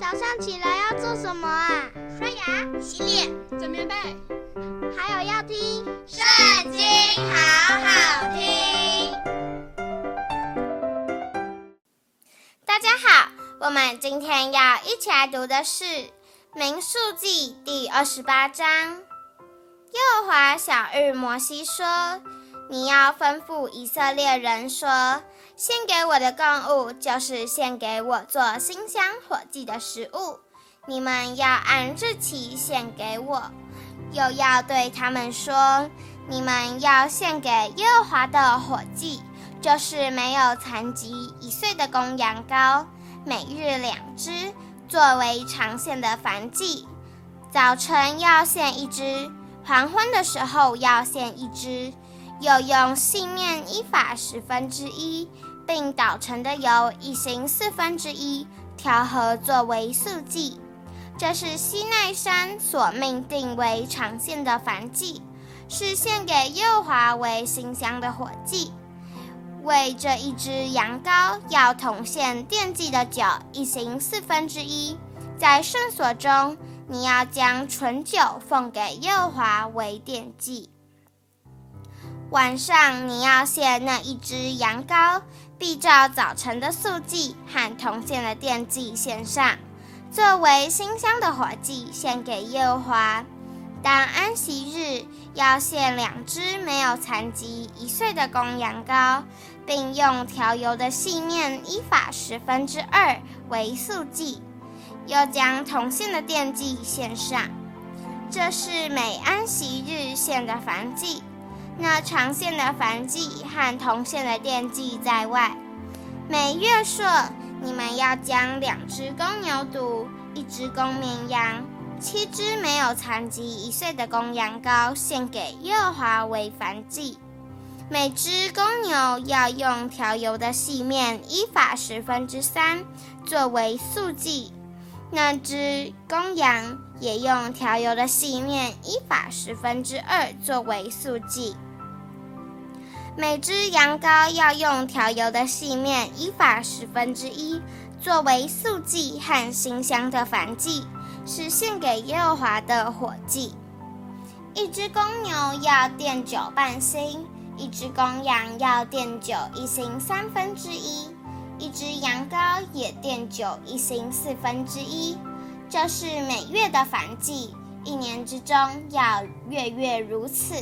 早上起來要做什麼啊？刷牙、洗臉、整棉被，還有要聽《聖經》，好好聽。大家好，我們今天要一起來讀的是《民數記》第二十八章。耶和華曉諭摩西說。你要吩咐以色列人說：“獻給我的供物，就是獻給我作馨香火祭的食物。你們要按日期獻給我，又要對他們說：你們要獻給耶和華的火祭，就是沒有殘疾一歲的公羊羔，羔，每日兩隻，作為常獻的燔祭。早晨要獻一隻，黃昏的時候要獻一隻。”又用細麵伊法十分之一，10, 並搗成的油一欣四分之一，4, 調和作為素祭。這是西奈山所命定為常獻的燔祭，是獻給耶和華為馨香的火祭。為這一隻羊羔，要同獻奠祭的酒一欣四分之一，4, 在聖所中，你要將醇酒奉給耶和華為奠祭。晚上，你要獻那一隻羊羔，必照早晨的素祭和同獻的奠祭獻上，作為馨香的火祭獻給耶和華。當安息日，要獻兩隻沒有殘疾、一歲的公羊羔，並用調油的細麵伊法十分之二為素祭，又將同獻的奠祭獻上。這是每安息日獻的燔祭。那常獻的燔祭和同獻的奠祭在外。每月朔，你們要將兩隻公牛犢、一隻公綿羊、七隻沒有殘疾一歲的公羊羔，羔獻給耶和華為燔祭。每隻公牛要用調油的細麵伊法十分之三作為素祭，那隻公羊也用調油的細麵伊法十分之二作為素祭。每隻羊羔要用調油的細麵伊法十分之一，作為素祭和馨香的燔祭，是獻給耶和華的火祭。一隻公牛要奠酒半欣，一隻公羊要奠酒一欣三分之一，一隻羊羔也奠酒一欣四分之一。這是每月的燔祭，一年之中要月月如此。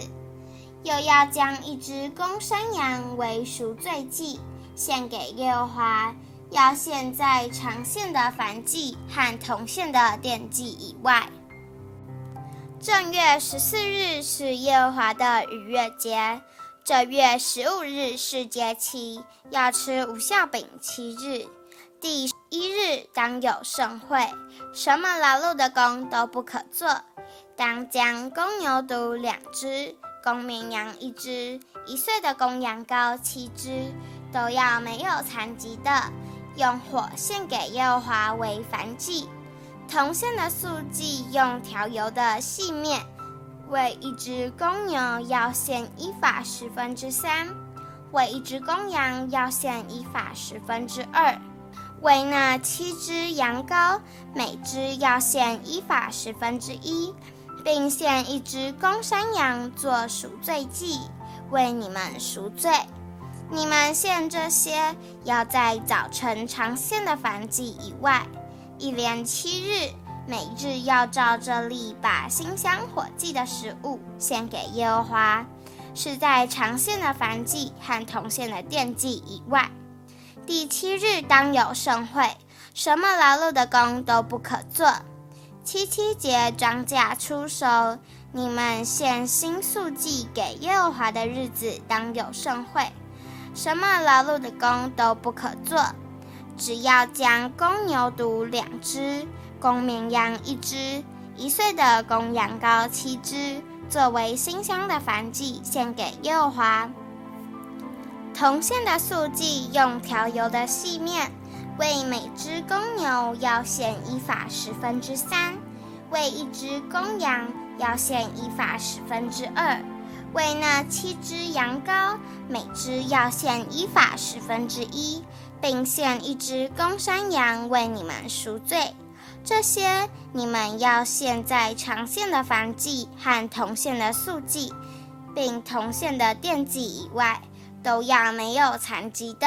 又要將一只公山羊為贖罪祭獻給耶和華，要獻在常獻的燔祭和同獻的奠祭以外。正月十四日是耶和華的逾越節，這月十五日是節期，要吃無酵餅七日。第一日當有聖會，什麼勞碌的工都不可做，當將公牛犢兩只。公綿羊一隻，一歲的公羊羔七隻，都要沒有殘疾的，用火獻給耶和華為燔祭。同獻的素祭用調油的細麵。為一隻公牛要獻伊法十分之三，為一隻公羊要獻伊法十分之二，為那七隻羊羔，每隻要獻伊法十分之一。並獻一隻公山羊作贖罪祭，為你們贖罪。你們獻這些，要在早晨常獻的燔祭以外，一連七日，每日要照這例把馨香火祭的食物獻給耶和華，是在常獻的燔祭和同獻的奠祭以外。第七日當有聖會，什麼勞碌的工都不可做。七七節莊稼初熟，你們獻新素祭給耶和華的日子，當有聖會，什麼勞碌的工都不可做，只要將公牛犢兩隻、公綿羊一隻、一歲的公羊羔，羔七隻作為馨香的燔祭獻給耶和華。同獻的素祭用調油的細麵。為每隻公牛要獻伊法十分之三，為一隻公羊要獻伊法十分之二，為那七隻羊羔每隻要獻伊法十分之一，並獻一隻公山羊為你們贖罪。這些你們要獻在常獻的燔祭和同獻的素祭，並同獻的奠祭以外，都要沒有殘疾的。